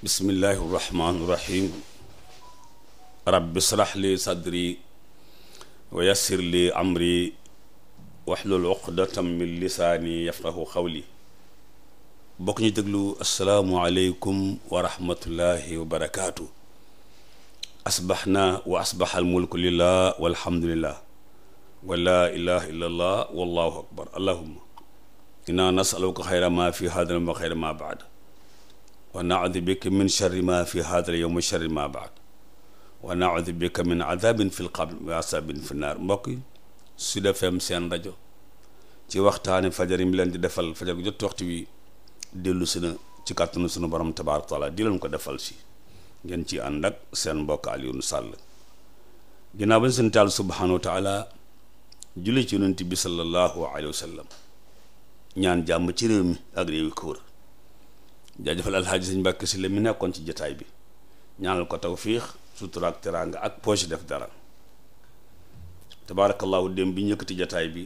bismillaahi rahmaani rahiim rabbi srax li sadri wa yassir li amri waxlul uqdatam min lisaani yafqahu xawli bokk ñu déglu asalaamualeykum wa rahmatullahi wa barakaatu asbaxna wa asbaxal mulku lillah walhamdulillah wa laa ilaha illa allah wallahu akbar allahuma inna nasaluka xayra ma fi hadal wa xayra ma baad wa naudu bika min sharri ma fi haadal yowm wa sharri ma baad wa naudu bika min adabin fi lqabr wa asabin fi naar mbokk yi Sud FM seen rajo ci waxtaani fajar yi mi leen di defal fajar gu jot waxtu wi dellu si na ci kàttanu sunu borom tabaaraka taala di leen ko defal si ngeen ci ànd ak seen mbokk Alioune Sall ginnaaw bañ seen taal subhaanahu wa taala julli ci yonent bi sallallahu alayhi wa sallam ñaan jàmm ci réew mi ak réew yi ko wër jaajëfal alxaaji sëñ Mbàkke si la mi nekkoon ci jataay bi ñaanal ko tawfiix sutura ak teraanga ak poche def dara tabaarakallaahu dem bi ñëkkati jataay bi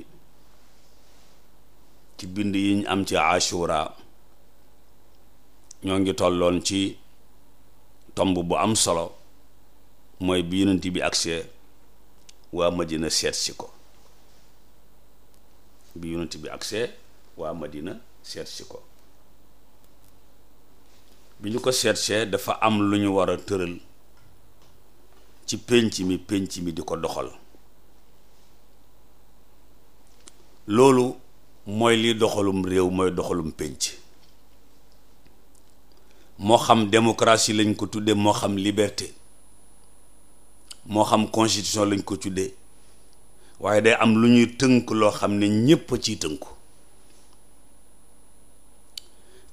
ci bind yi ñu am ci ashura ñoo ngi tolloon ci tomb bu am solo mooy bi yonent bi agsee waa Madina seet ko bi yonent bi agsee waa Madina seetsi ko bi ñu ko cherché dafa am lu ñu war a tëral ci pénc mi pénc mi di ko doxal loolu mooy li doxalum réew mooy doxalum pénc moo xam démocratie lañ ko tuddee moo xam liberté moo xam constitution lañ ko tuddee waaye day am lu ñuy tënk loo xam ne ñépp a ciy tënku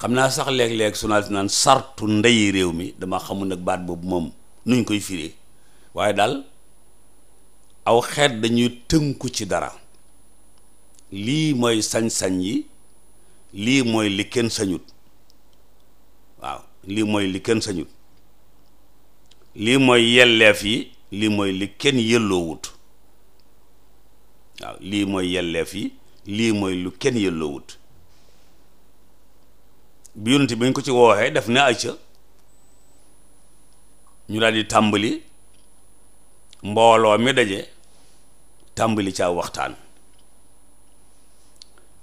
xam naa sax léeg-léeg journaliste naan sartu ndey réew mi dama xamul nag baat boobu moom nuñ koy fiire waaye daal aw xeet dañuy tënku ci dara lii mooy sañ-sañ yi lii mooy li kenn sañut waaw lii mooy li kenn sañut lii mooy yelleef yi lii mooy li kenn yelloowut waaw lii mooy yelleef yi lii mooy lu kenn wut bi yonent bi ñu ko ci wooxee def na acca ñu daal di tàmbali mbooloo mi daje tàmbali caa waxtaan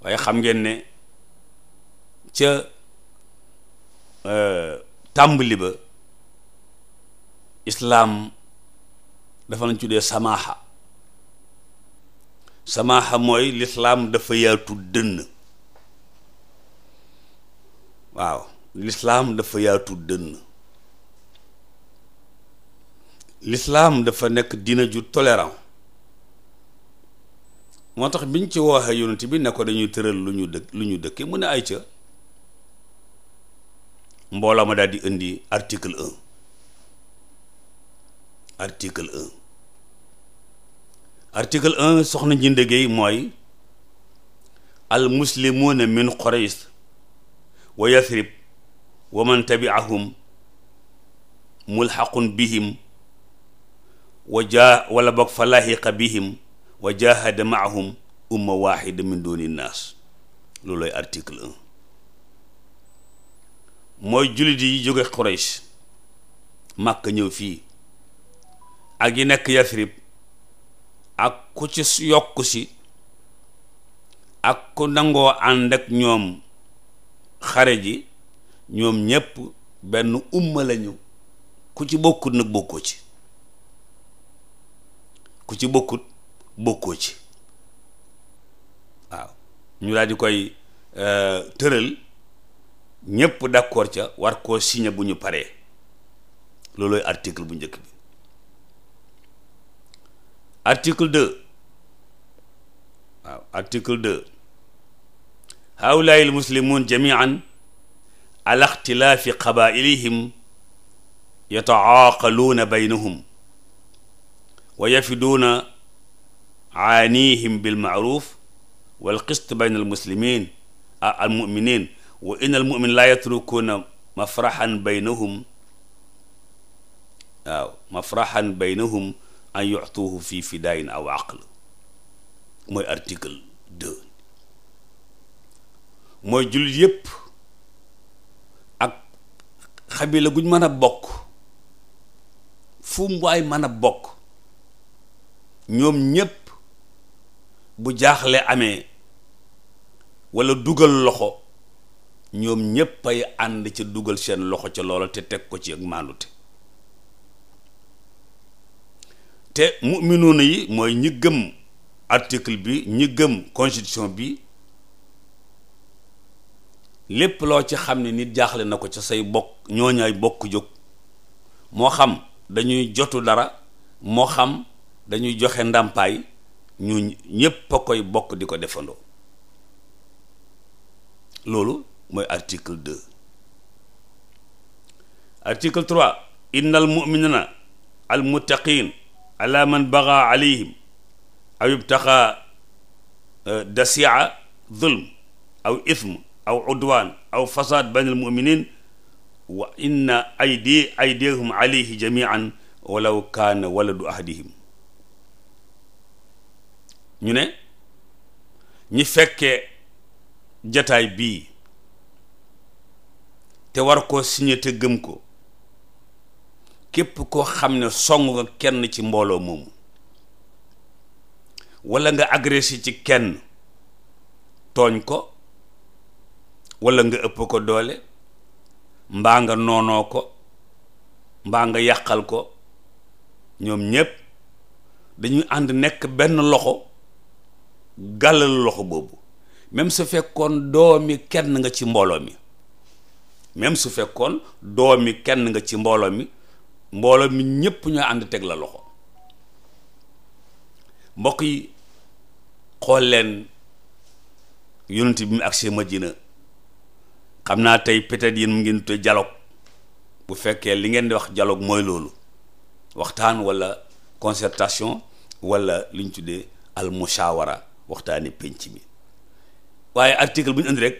waaye xam ngeen ne ca euh, tàmbali ba islaam dafa nañ tuddee samaaxa samaaxa mooy lislaam dafa yaatu dënn waaw lislaam dafa yaatu dënn lislaam dafa nekk dina ju tolérant moo tax biñ ci waxee yonent bi ne ko dañuy tëral lu ñu dëkk lu ñu dëkke mu ne ay ca mbooloo ma daal di indi article un article un soxna Ndeye Gueye mooy al muslimuna min Quraysh wa yathrib wa man tabiahum mulxaqun bihim wa jaa wala boog fa laxiqa bihim wa jahada maahum umma waxida min naas loolooy article mooy jullit yi jóge Quraysh màkk ñëw fii ak yi nekk Yathrib ak ku ci yokk si ak ku nangoo ànd ak ñoom xare ji ñoom ñépp benn umma lañu ku ci bokkut nag bokkoo ci ku ci bokkut bokkoo ci waaw ñu daal koy euh, tëral ñépp d'accord ca war koo signé bu ñu paree loolooy article bu njëkk bi article deux waaw article deux haulaai l muslimun jamian ala ixtilaafi qabailihim yatacaaqaluuna baynahum wa yafiduuna aanihim bilmaaruf walqist bayn almuslimin almuminin wa in almumin laa yatrukuuna mafraxan baynahum waaw mafraxan baynahum an yuctuuhu fi fidaayin aw aql mooy article deux mooy jullit yépp ak xabila guñ mën a bokk fu mu mën a bokk ñoom ñépp bu jaaxle amee walla dugal loxo ñoom ñépp ay ànd ca dugal seen loxo ca loola te teg ko ci ak maandute te muminuuna yi mooy ñi gëm article bi ñi gëm constitution bi lépp loo ci xam ne nit jaaxle na ko ca say bokk ñooñay bokk jóg moo xam dañuy jotu dara moo xam dañuy joxe ndàmpaay ñu ñépp a koy bokk di ko defandoo loolu mooy article deux article trois innal muminina al muttaqin ala man baga alayhim aw ibtaxa euh, dasia aw ithm aw udwaan aw fasaad bayn al muminin wa inna aydi aydihum alayhi jamian walaw kaana waladu ahadihim ñu ne ñi fekke jataay bii te war ko signé te gëm ko képp ko xam ne song nga kenn ci mbooloo moomu wala nga agressé ci kenn tooñ ko wala nga ëpp ko doole mbaa nga noonoo ko mbaa nga yàqal ko ñoom ñépp dañuy ànd nekk benn loxo gàllal loxo boobu même su fekkoon doomi kenn nga ci mbooloo mi même su fekkoon doomi kenn nga ci mbooloo mi mbooloo mi ñépp ñoo ànd teg la loxo mbokk yi xool leen yonent bi mu agsee jina xam naa tey peut-être yéen mu ngeen tuddee dialogue bu fekkee li ngeen di wax dialogue mooy loolu waxtaan walla concertation walla li ñu tuddee al mushawara waxtaani penc mi waaye article bu ñu indi rek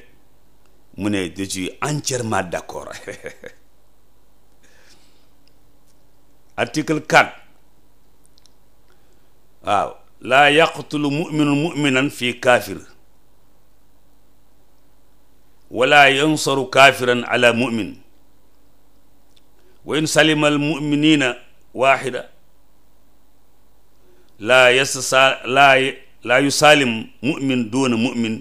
mu ne je suis entièrement d'accord article 4 waaw laa yaqtulu mu'minun mu'minan fii kaafir wala yansaru kaafiran ala mumin wa in salima al muminina waxida laa yasa laa laa yusaalim mumin duuna mumin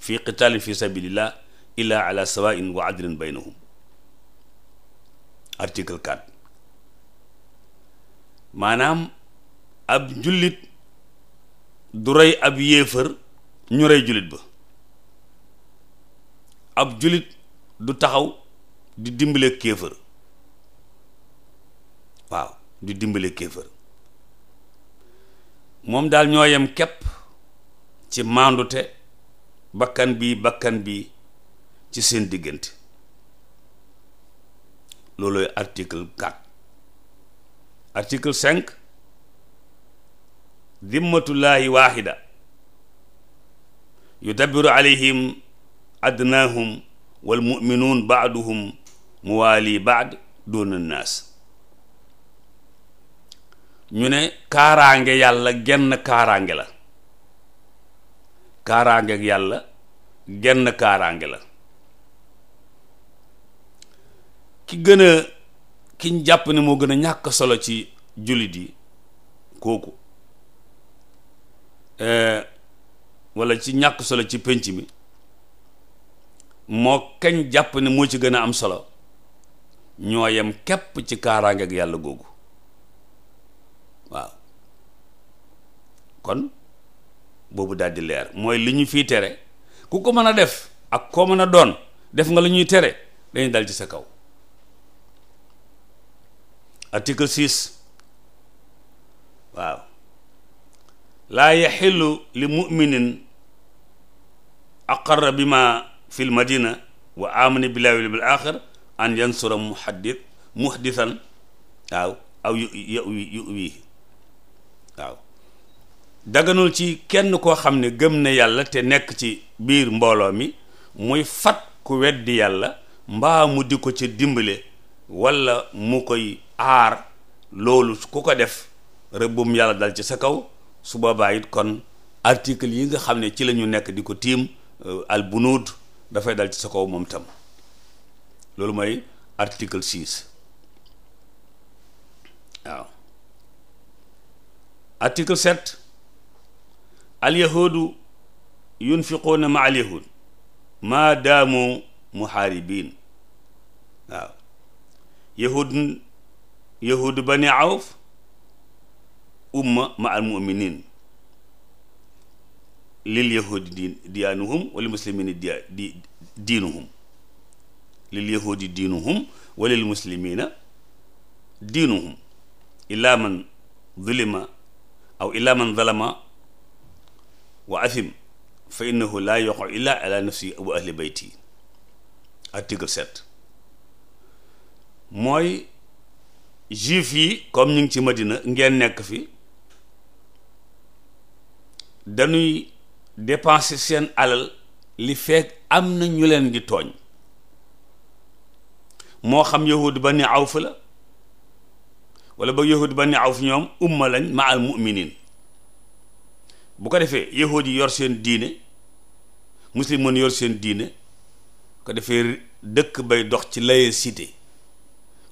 fi qitaalin fi sabilillah illa ala sawain wa adlin baynahum article 4 maanaam ab jullit du rey ab yéefër ñu rey jullit ba ab julit du taxaw di dimbale kéefër waaw di dimbale kéefër moom daal ñoo yem képp ci maandute bakkan bi bakkan bi ci seen diggante loolooy article 4 article 5 dimmatullaahi waahida yudabbiru alayhim adnaahum wal muminuun baaduhum muwaali baad doona naas ñu ne kaaraange yàlla genn kaaraange la kaaraange yàlla genn kaaraange la ki gën a ki ñu jàpp ne moo gën ñàkk solo ci jullit yi kooku eh, walla ci ñàkk solo ci pénc mi moo kañ jàpp ne moo ci gën a am solo ñoo yem képp ci kaaraange ak yàlla googu waaw kon boobu daal di leer mooy li ñu fiy tere ku ko mën a def ak koo mën a doon def nga lu ñuy tere dañuy dal ci sa kaw article 6 waaw laa yaxillu li muminin aqarra bi fil madina wa amana billahi bil axir an yansura muhaddit waaw aw yu yu wii waaw daganul ci kenn koo xam ne gëm na yàlla te nekk ci biir mbooloo mi muy fat ku weddi yàlla mbaa mu di ko ci dimbale walla mu koy aar loolu ku ko def rëbbum yàlla dal ci sa kaw su boobaa it kon article yi nga xam ne ci la ñu nekk di ko tiim euh, al dafay dal ci sa kaw moom tam loolu mooy article six waaw article sept alyahudu yunfiquuna ma alyahud maa daamu muhaaribin waaw yahud yahudu bani awf umma ma al muminin lil yahudi di diyaanuhum walil muslimina dia di diinuhum lil yahudi diinuhum walil muslimina diinuhum illa man zulima aw illa man zalama wa athim fa la yoqo illa ala nafsi wa ahli bayti article sept mooy juif yi comme ñu ngi ci madina ngeen nekk fi dañuy dépenser seen alal li fekk am na ñu leen di tooñ moo xam yahud ba ni awf la wala ba yahud ba ni awf ñoom umma lañ ma al muminin bu ko defee yahud yi yor seen diine mën yor seen diine ko defee dëkk bay dox ci laïcité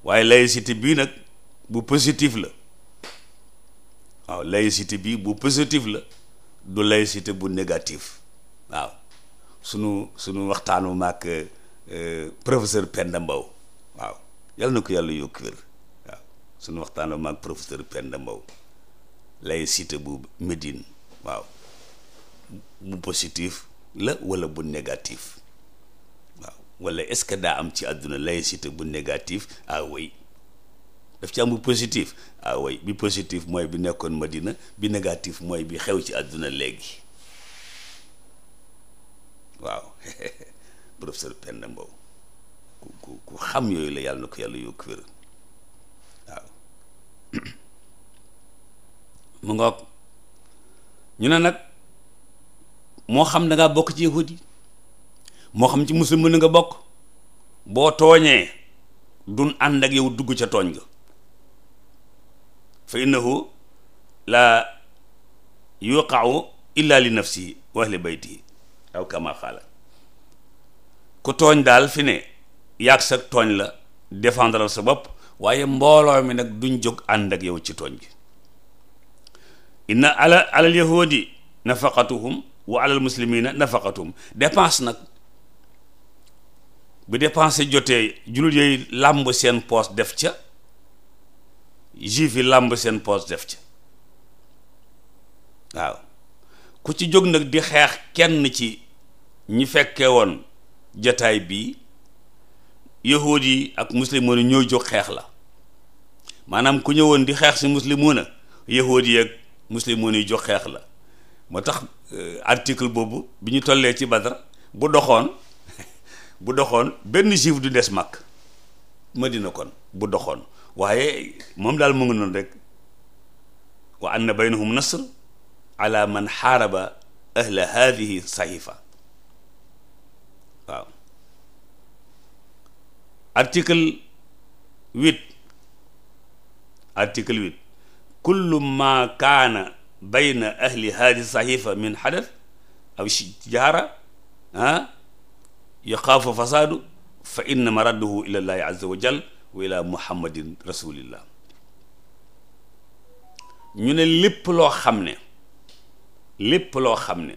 waaye laïcité bii nag bu positif la waaw laïcité bii bu positif la du laïcité bu négatif waaw sunu sunu waxtaanu maak euh, professeur Penda Mbow waaw yàlla na ko yàlla yokk wér waaw sunu waxtaanu maak professeur Penda Mbow laïcité bu Médine waaw bu positif la wala bu négatif waaw wala est-ce que daa am ci àdduna laïcité bu négatif ah oui daf ci am bu positif ah way bi positif mooy bi nekkoon ma dina bi négatif mooy bi xew ci àdduna léegi waaw professeur Penda Mbow ku ku xam yooyu la yàlla na yàlla yokk wér waaw mu ngoog ñu ne nag moo xam da bokk ci yahud yi moo xam ci musulman nga bokk boo tooñee dun ànd ak yow dugg ca tooñ ga fa innahu la yuqau illa li nafsihi wa ahli baytihi aw kama xaala ku tooñ daal fi ne yàgg sa tooñ la défendre sa bopp waaye mbooloo mi nag duñ jóg ànd ak yow ci tooñ gi inna ala alal yahudi nafaqatuhum wa alal muslimina nafaqatuhum dépense nag bu dépense jotee jullit yooyu làmb seen poos def ca juif yi làmb seen poos def ci waaw ku ci jóg nag di xeex kenn ci ñi fekke woon jataay bii yahuud yi ak muslimoon yi ñoo jóg xeex la maanaam ku ñëwoon di xeex si muslimoon a yahuud yi ak muslimoon yi jóg xeex la moo tax euh, article boobu bi ñu tollee ci Badar bu doxoon bu doxoon benn juif du des mag Madina kon bu doxoon waaye moom daal mu ngi noonu rek wa anna baynahum nasr ala man xaaraba ahla hadihi sahifa waaw article huit article huit kullu ma kaana bayna ahli hadihi sahifa min xadat aw tijaara ah yaxaafu fasaadu fa inna maradduhu ila llahi azza wa jal wa ilaa muhammadin rasulillah ñu ne lépp loo xam ne lépp loo xam ne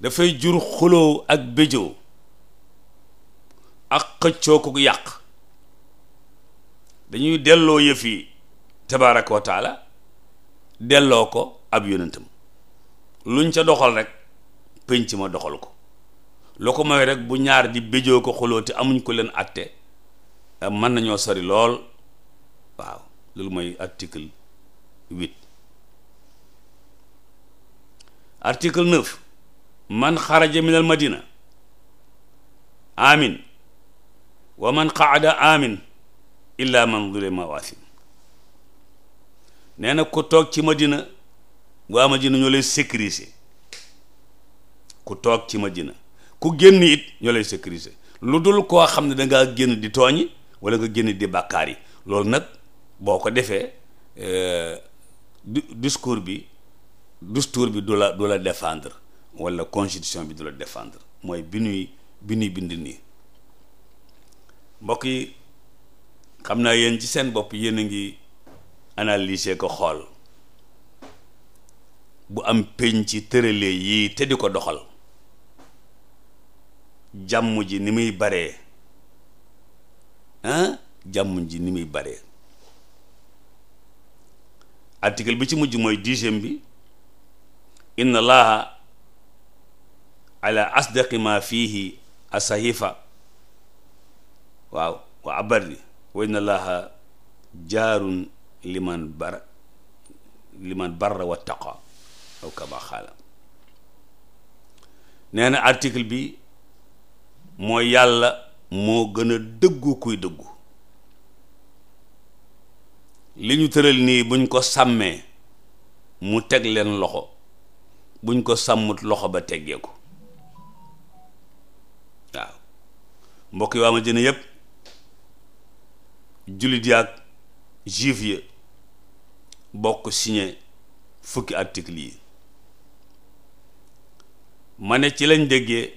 dafay jur xuloo ak béjoo ak xëccoo ko yàq dañuy delloo yëf yi tabaaraka wa delloo ko ab yonentam luñ ca doxal rek pénc ma doxal ko loo ko mooy rek bu ñaar di béjoo ko xuloo te amuñ ko leen àtte Euh, mën nañoo sori lool waaw loolu mooy article huit article neuf man xaraja min madina amin wa man qaada amin illa man zulima waasim nee na ku toog ci madina waa madina ñoo lay sécuriser ku toog ci madina ku génn it ñoo lay sécuriser lu dul koo xam ne dangaa génn di tooñ wala nga génn di bàkkaar yi loolu nag boo ko defee euh, du discours bi discours bi du la du la défendre wala constitution bi du la défendre mooy bi ñuy bi bind nii mbokk yi xam naa yéen ci seen bopp yéen a ngi analyser ko xool bu am peñ ci tëralee yii te di ko doxal jàmm ji ni muy baree ah jàmm ji ni muy bare article bi ci mujj mooy dixième bi inna allaha ala asdaqi ma fihi asahifa waaw wa abarri wa inna allaha jaarun liman bar liman barra wa taqa kama xaala nee na bi mooy yàlla moo gën a dëggu kuy dëggu li ñu tëral nii buñ ko sàmmee mu teg leen loxo buñ ko sàmmut loxo ba teggee ko waaw mbokk yi waa ma jëne yépp jullit yaag juif yi bokk signé fukki article yi ma ne ci lañ déggee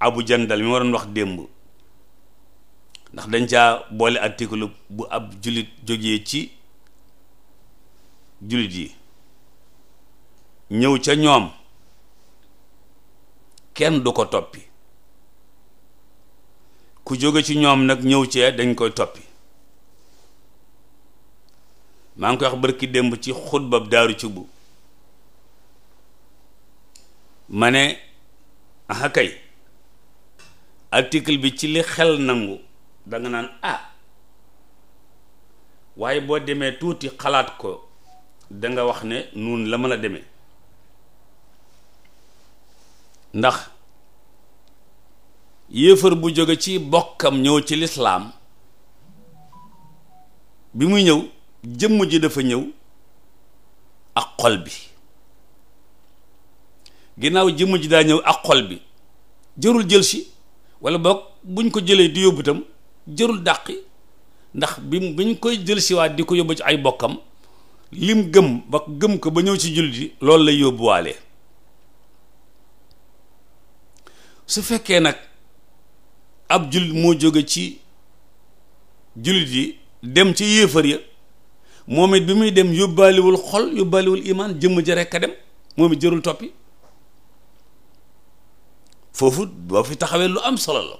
abu jandal mi waroon wax démb ndax dañ caa boole article bu ab jullit jógee ci jullit yi ñëw ca ñoom kenn du ko toppi ku jóge ci ñoom nag ñëw cee dañ koy toppi maa ngi koy wax bërki démb ci xutbab daaru ci bu ma ne aha kay article bi ci li xel nangu danga naan ah waaye boo demee tuuti xalaat ko danga wax ne noonu la mën a demee ndax yéefar bu jóge ci bokkam ñëw ci lislaam bi muy ñëw jëmm ji dafa ñëw ak xol bi ginnaaw jëmm ji daa ñëw ak xol bi jërul jël si walla boog buñ ko jëlee di yóbbu jërul dàqi ndax bi bi ñu koy jël siwaat di ko yóbbu ci ay bokkam lim gëm ba gëm ko ba ñëw ci jullit yi loolu lay yóbbuwaale su fekkee nag ab jullit moo jóge ci jullit yi dem ci yéefar ya moom it bi muy dem yóbbaaliwul xol yóbbaaliwul imaan jëmm ja rekk a dem moom it jërul toppi foofu boo fi taxawee lu am solo la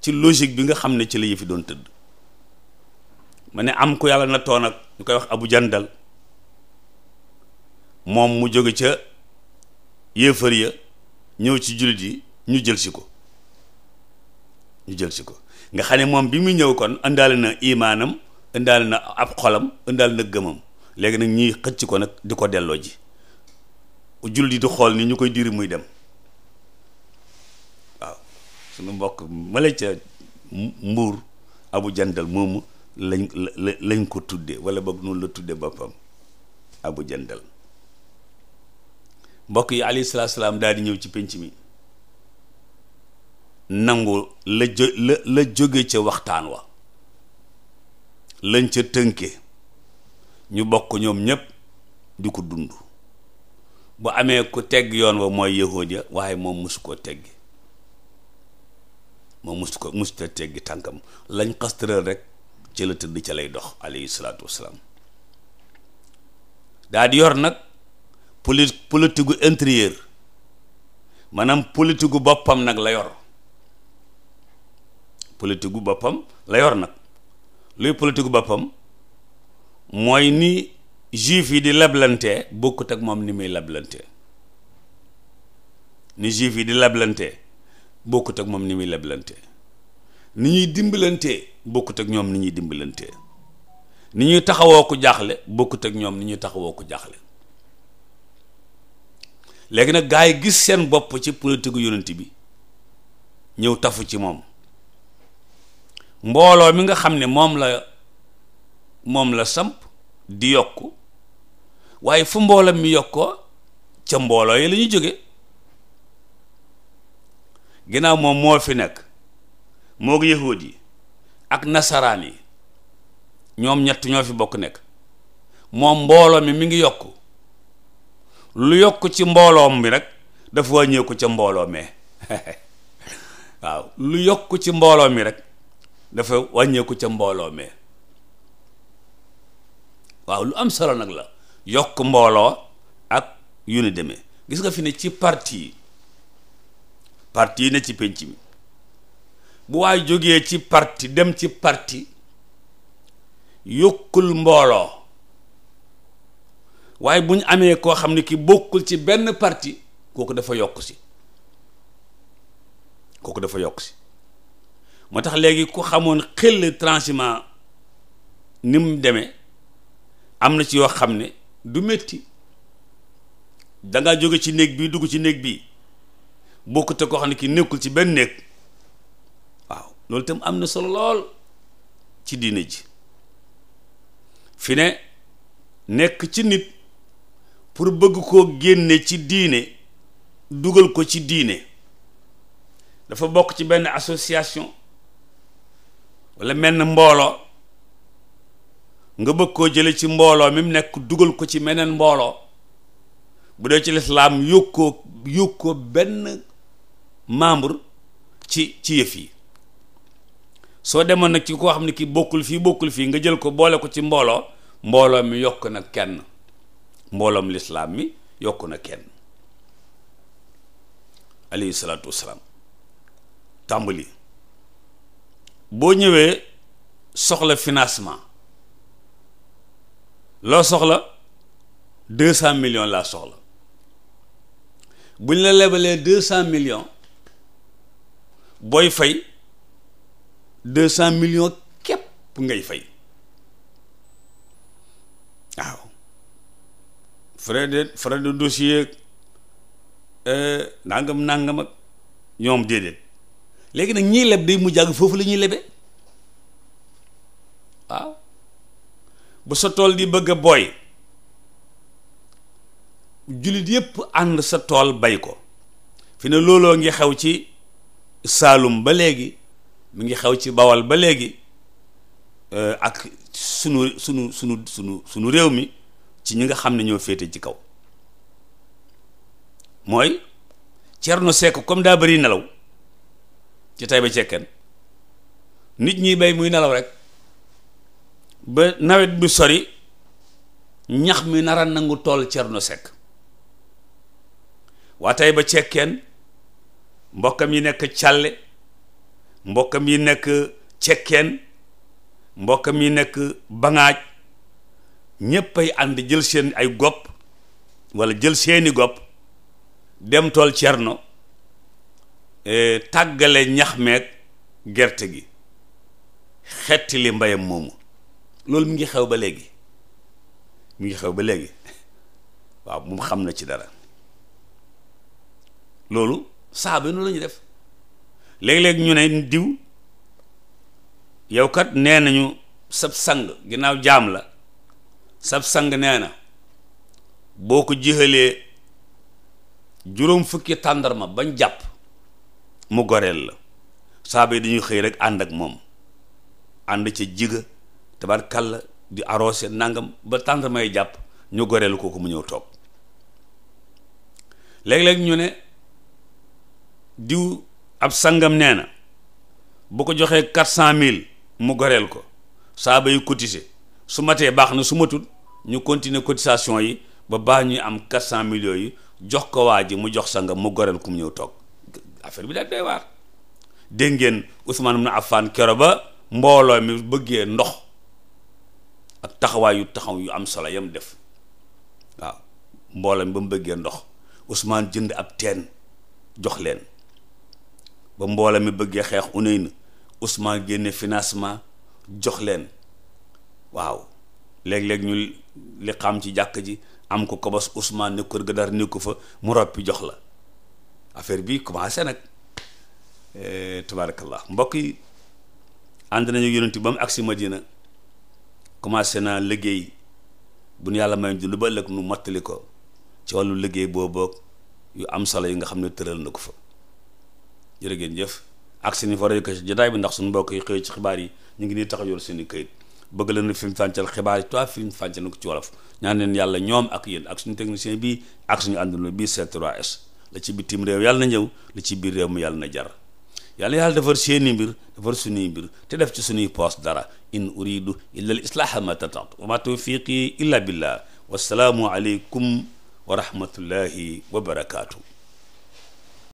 ci logique bi nga xam ne ci la yëfi doon tëdd ma ne am ku yàlla na toon ak ñu koy wax abu jandal moom mu jóge ca yéefar ya ñëw ci jullit yi ñu jël si ko ñu jël si ko nga xam ne moom bi muy ñëw kon indaale na imaanam indaale na ab xolam indaale na gëmam léegi nag ñuy xëcc ko nag di ko delloo ji jullit yi di xool ni ñu koy diri muy dem suñu mbokk mala ca mbuur abu jandal moomu lañ lañ ko tudde wala boog noonu la tudde boppam abu jandal mbokk yi alayhi salaam daal di ñëw ci pénc mi nangu la jo la la jóge ca waxtaan wa lañ ca tënke ñu bokk ñoom ñépp di ko dund bu amee ku teg yoon wa mooy yahood ya waaye moom mësu koo teggi moom mus ko musta teggi tànkam lañ xastëral rek ci la tëdd ca lay dox alayhi salaatu wasalaam daa di yor nag poli politique gu intérieur maanaam politigu boppam nag la yor politique boppam la yor nag luy politique boppam mooy ni juif yi di lablante bokkut ak moom ni muy lablante ni juif yi di leblante bokkut ak moom ni muy leblante ni ñuy dimbalantee bokkut ak ñoom ni ñuy dimbalantee ni ñuy taxawoo ko jaaxle bokkut ak ñoom ni ñuy taxawoo ko jaaxle léegi nag gaa yi gis seen bopp ci politique yonent bi ñëw tafu ci moom mbooloo mi nga xam ne moom la moom la samp di yokk waaye fu mbooloo mi yokkoo ca mbooloo yi la jóge ginnaaw moom moo fi nekk moog yahuud yi ak nasaraan yi ñoom ñett ñoo fi bokk nekk moom mbooloo mi mi ngi yokk lu yokk ci mbooloom bi rek dafa wàññeeku ca mbooloo mee waaw lu yokk ci mbooloo mi rek dafa wàññeeku ca mbooloo mee waaw lu am solo nag la yokk mbooloo ak yu ni deme gis nga fi ni ci parti parti yi ne ci penc bi bu waay jógee ci parti dem ci parti yokkul mbooloo waaye bu ñu amee koo xam ne ki bokkul ci benn parti kooku dafa yokku si kooku dafa yokk si moo tax léegi ku xamoon xel transhumant ni mu demee am na ci yoo xam ne du métti danga jóge ci néeg bii dugg ci néeg bii bokkut koo xam ne kii nekkul ci benn néeg waaw loolu tam am na solo lool ci diine ji fi ne nekk ci nit pour bëgg koo génne ci diine dugal ko ci diine dafa bokk ci benn association walla menn mbooloo nga bëgg koo jële ci mbooloo mi mu nekk dugal ko ci meneen mbooloo bu dee ci lislaam yóg koo koo benn membre ci ci yëf yi soo demoon nag ci koo xam ne ki bokkul fii bokkul fii nga jël ko boole ko ci mbooloo mbooloo mi yokk na kenn mbooloom lislaam mi yokk na kenn alayhi salaatu wassalaam tàmbali boo ñëwee soxla financement loo soxla deux cent million laa soxla buñ ñu la lebalee deux cent million booy fay deux cent millions képp ngay fay waaw frais de frais de dossier euh, nangam nangam ñoom déedéet léegi nag ñiy leb day mu jàgg foofu la ñuy lebee waaw ba sa tool di bëgg a booy jullit yépp ànd sa tool bay ko fi ne looloo ngi xew ci saalum ba léegi mu ngi xew ci bawal ba léegi euh, ak sunu sunu sunu sunu sunu réew mi ci ñi nga xam ne ñoo féete ci kaw mooy nu Seck comme daa bëri nelaw ci tay ba cekkeen nit ñi bay muy nelaw rek ba nawet bi sori ñax mi nara nangu tool Cerno Seck waa tay ba cekkeen mbokkam yi nekk càlle mbokkam yi nekk cekken mbokkam yi nekk bangaaj ñépp ay ànd jël seen ay gopp walla jël seeni gopp dem tool cerno e, tàggale ñax meeg gerte gi xetti li mbayam moomu loolu mi ngi xew ba léegi mu ngi xew ba léegi waaw moom xam na ci dara loolu saaba yi noonu la def léeg-léeg ñu ne diw yow kat nee nañu sab sang ginnaaw jaam la sab sang nee na boo ko jëxalee juróom fukki tàndarma bañ jàpp mu goreel la saaba yi dañuy xëy rek ànd ak moom ànd ca jiga te tabarkalla di arrosé nangam ba tàndarmay jàpp ñu goreel ko mu ñëw toog léeg-léeg ñu ne diw ab sangam nee na bu ko joxee quatre cent mille mu goreel ko saaba yu cotiser su matee baax na su matul ñu continuer cotisation yi ba baax ñuy am quatre cent mille yi jox ko waa ji mu jox sangam mu goreel ku mu ñëw toog affaire bi daal day waar dégg ngeen Ousmane a Affan kero ba mbooloo mi bëggee ndox ak taxawaay yu taxaw yu am solo yam def waaw mbooloo mi ba mu bëggee ndox Ousmane jënd ab teen jox leen ba mbooloo mi bëggee xeex uney na Ousmane génne financement jox leen waaw léeg-léeg ñu li xam ci jàkk ji am ko kobos Ousmane ne kër ga dara ko fa mu roppi jox la affaire bi commencé nag eh, tabaarakallah mbokk yi ànd nañu yonent ba mu agsi Madina commencé naa liggéey bu nu yàlla may dund ba ëllëg nu mattali ko ci wàllu liggéey booboog yu am solo yi nga xam ne tëral na ko fa jërë ngeen jëf ak seen fa rajo Kachif jotaay bi ndax suñu mbokk yi xëy ci xibaar yi ñu ngi nii tax a yor seen i këyit bëgg leen fi mu fàncal xibaar yi toi fi mu fàncal ko ci wolof ñaan leen yàlla ñoom ak yen ak suñu technicien bi ak suñu àndandoo bi C3S la ci bitim réew yàlla na ñëw la ci biir réew mi yàlla na jar yàlla yàlla defar seeni mbir defar suñuy mbir te def ci sunuy poos dara in uridu illa al islaha ma tatatu wa ma tawfiqi illa billah wasalaamu aleykum wa rahmatullahi wa barakaatu